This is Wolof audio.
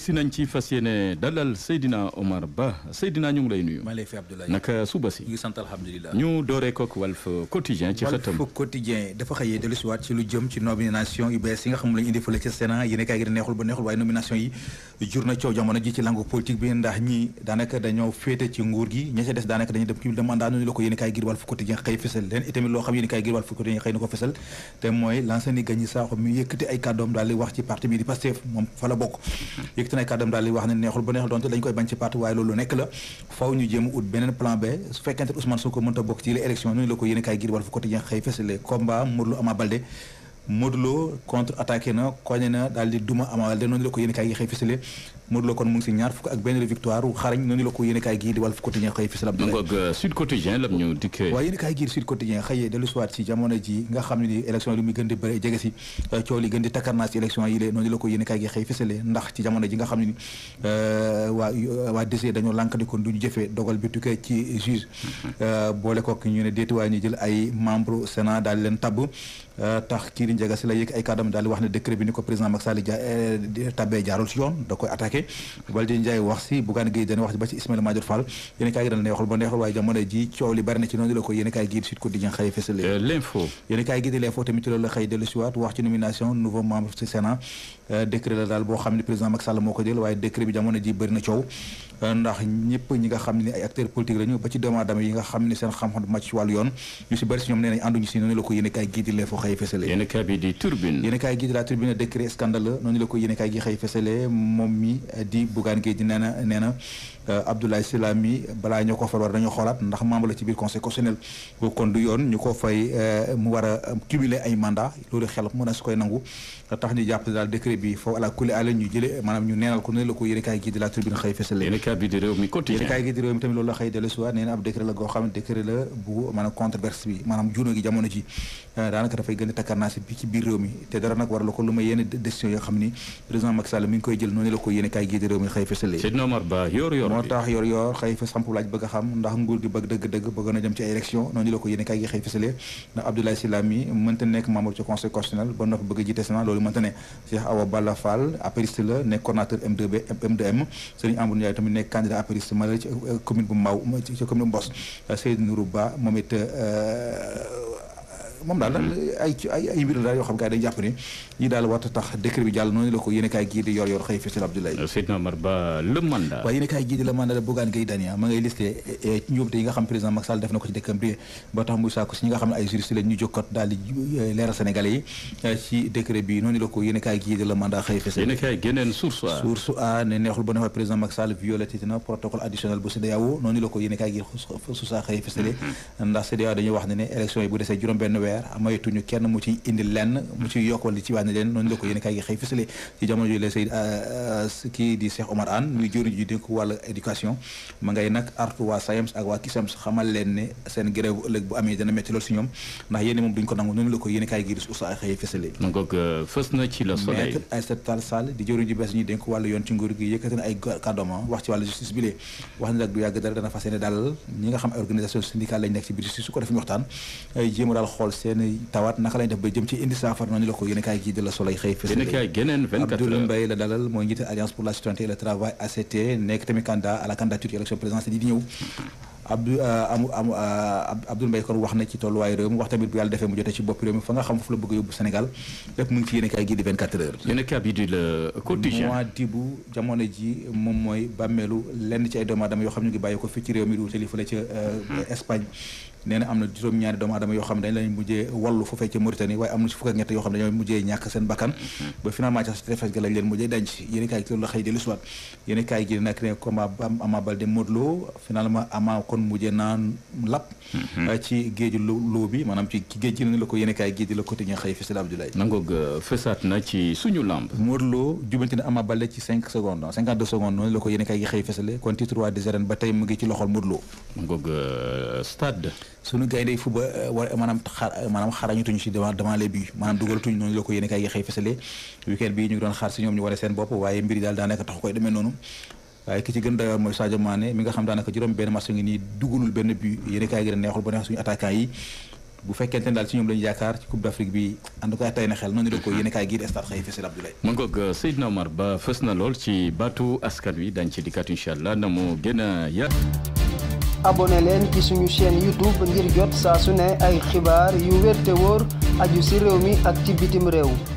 si nañ ci fas yéene dalal Seydina Omar Ba Seydina ñu ngi lay nuyu. naka suba si. ñu dooree kook Walf Quotidien ci xëtam. Walf Quotidien loo xam yéen a kaay gi Walf Quotidien xëy na te mooy Lansana Gagny Sakho mi yëkkati ay kàddoom daal wax ci parti bi di Pastef fa la bokk yëkkati na kàddam daal di ba neexul donte dañ koy B contre attaqué na koñe na daal di duma Ama Baldé noonu la ko yéen kaay gi moo Lo kon mu ngi si ñaar fukk ak benn victoire xarañ noonu la ko yéen a kaay gii euh, Sud Quotidien la ñu dikkee waaw yéen a kaay gii di Sud jamono ji nga xam ni élection lu muy gën di bëre jege si euh, coow li gën di takkarnaa si élection yi ko yéen ñu ne ni euh, waa waa DG dañoo lànk ni kon duñu jëfee dogal bi tukkee ci juge boole kook ñu jël ay membre Sénat daal leen tabb tax kii di njaga si la yëg ay kàddam daal wax ne décret bi ni ko président Macky Sall ja tabbee jaarul si yoon da koy attaqué Mbacké Waldine wax si Bougane Gueye dana wax si ba ci Ismaïla Madior Fall yéen kaay gi dal neexul ba neexul waaye jamono ji coow li bari ci noonu la ko yéen euh, kaay gi di l'info tamit loolu la dellu si waat wax ci nomination nouveau membre ci Sénat euh, décret la daal boo xam ne président Macky Sall moo ko jël waaye décret bi jamono ji bëri coow ndax ñëpp ñi nga xam ne ay acteurs lañu ba ci doomu yi nga xam ne seen xam-xam màcc yoon ñu si bëri si ñoom neenal ko noonu la ko yéen gii di la turbine xëy fësale yéenekaay bi di réew mi di réew mi tamit loolu la xëy dellu si waat ab décret la goo xam ne la bu maanaam euh, a takkarnaasi bi ci biir xam ni président Macky noonu la ko yéenekaay gi di réew mi ndax nguur gi bëgg mënta nekk membre ci conseil constitutionnel ba noppi bëgg a jiite Sénat loolu mënta ne Cheikh Awa Balla Fall la nekk coordonnateur M2B M2M Serigne nekk candidat apériste malal euh, ci commune bu Mbao ci commune bu Mbos euh, Seydou Nourou Ba moom it euh, moom daal mm-hmm. ay ay ay mbir la daal yoo xam ne dañu jàpp ne ñii daal war a tax décret bi jàll noonu la ko yéen a kaay gii di yor yor xëy fësal Abdoulaye euh, Seydina Omar Ba le mandat waaye yéen a kaay gii di le mandat la Bougane Gueye Dany ah, ma ngay listé eh, eh, njuumte yi nga xam président Macky Sall def na ko ci dëkkam bi ba tax muy sàkku si ñi nga xam ne ay juriste lañ ñu jokkot daal di eh, leeral sénégalais yi ci décret bi noonu la ko yéen a kaay gii di le mandat xëy fësal source a ah, ne neexul ba ne fa président Macky Sall violé na protocole additionnel bu CEDEAO noonu la ko yéen mm-hmm. e e a kaay gii suusa xëy fësale ndax CEDEAO dañuy wax ne ne élection yi bu desee juróom benn weer weer maytuñu kenn mu ci indi lenn mu ci yokk wala ci wàññi leen noonu la ko yéen kay gi xëy fësale ci jamono ji la euh, euh, kii di Cheikh Omar Anne muy jëriñ ji dénk wàllu éducation ma ngay nag artu waa SAEMS ak waa CUSEMS xamal leen si ko nangu euh, fës na ci la soleil maître Aïssata Tall di jëriñ ji bees ñuy dénk wàllu yoon ci nguur gi yëkkati ay kàddoom ah, wax ci wàllu justice bi lee wax ne nag du yàgg dara dana fas yéene daal ñi nga xam organisation syndicale ko def ñu waxtaan jéem a seeni tawaat naka lañ def ba jëm ci indi saafara noonu la ko yéen a kaay gii de la Soleil xëy fës Abdoul Mbaye la dalal mooy njiite alliance pour la citoyenneté et le travail ACT nekk tamit candidat à la candidature élection présidentielle yi di ñëw Abdou euh, euh, Abdoul Mbaye kon wax na ci tolluwaayu réew mi wax tamit bu yàlla defee mu jotee ci bopp réew mi fa nga xam foofu la bëgg a yóbbu Sénégal lépp mu ngi ci yéenekaay gi moom mooy bàmmeelu lenn ci ay doomu aadama xam hmm. euh, ne dañ lañ mujjee wallu foofee yoo xam ne dañoo mujjee ñàkk seen bakkan hmm. ba finalement sax nag ne combat Ama Baldé Modou finalement Ama kon mujjee naan lap mhm. euh, ci géeju loo bi maanaam ci géej gi la ko yéen kaay géej la côté ñu xëy Fesal Abdoulaye nangoog euh, fësaat na ci suñu lamb Modou noonu la ko yéen kaay gi xëy fësale kon titre roi des arènes ba tey mu ngi ci loxol Modou Lo nangoog euh, stade suñu bi ñu ngi doon xaar si ñoom ñu wane seen bopp waaye mbir yi daal daanaka tax koy demee noonu waaye ki ci gën doy waar mooy Sadio Mané mi nga xam daanaka juróom benn match ngi nii dugalul benn but yéen gi da neexul ba neex suñu attaquant yi bu fekkente ne daal ci ñoom lañu yaakaar ci coupe d'Afrique bi en tey na xel noonu la ko yéen kaay gi di stade xëy fësal Abdoulaye mu ngoog euh, Seydina Omar ba fës na lool ci baatu askan wi dañ ci dikkaat incha allah na gën a yar abonné leen ci suñu chaîne youtube ngir jot saa su ne ay xibaar yu wér si réew mi ak ci bitim réew